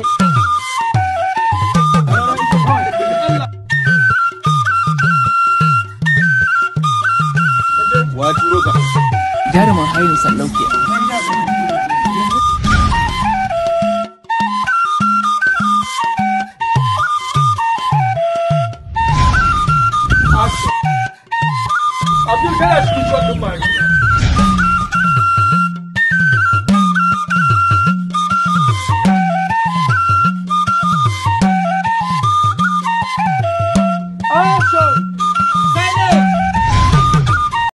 Wa turo ka. Jarumin hayin sallau ke. Abdul kana cikin shot din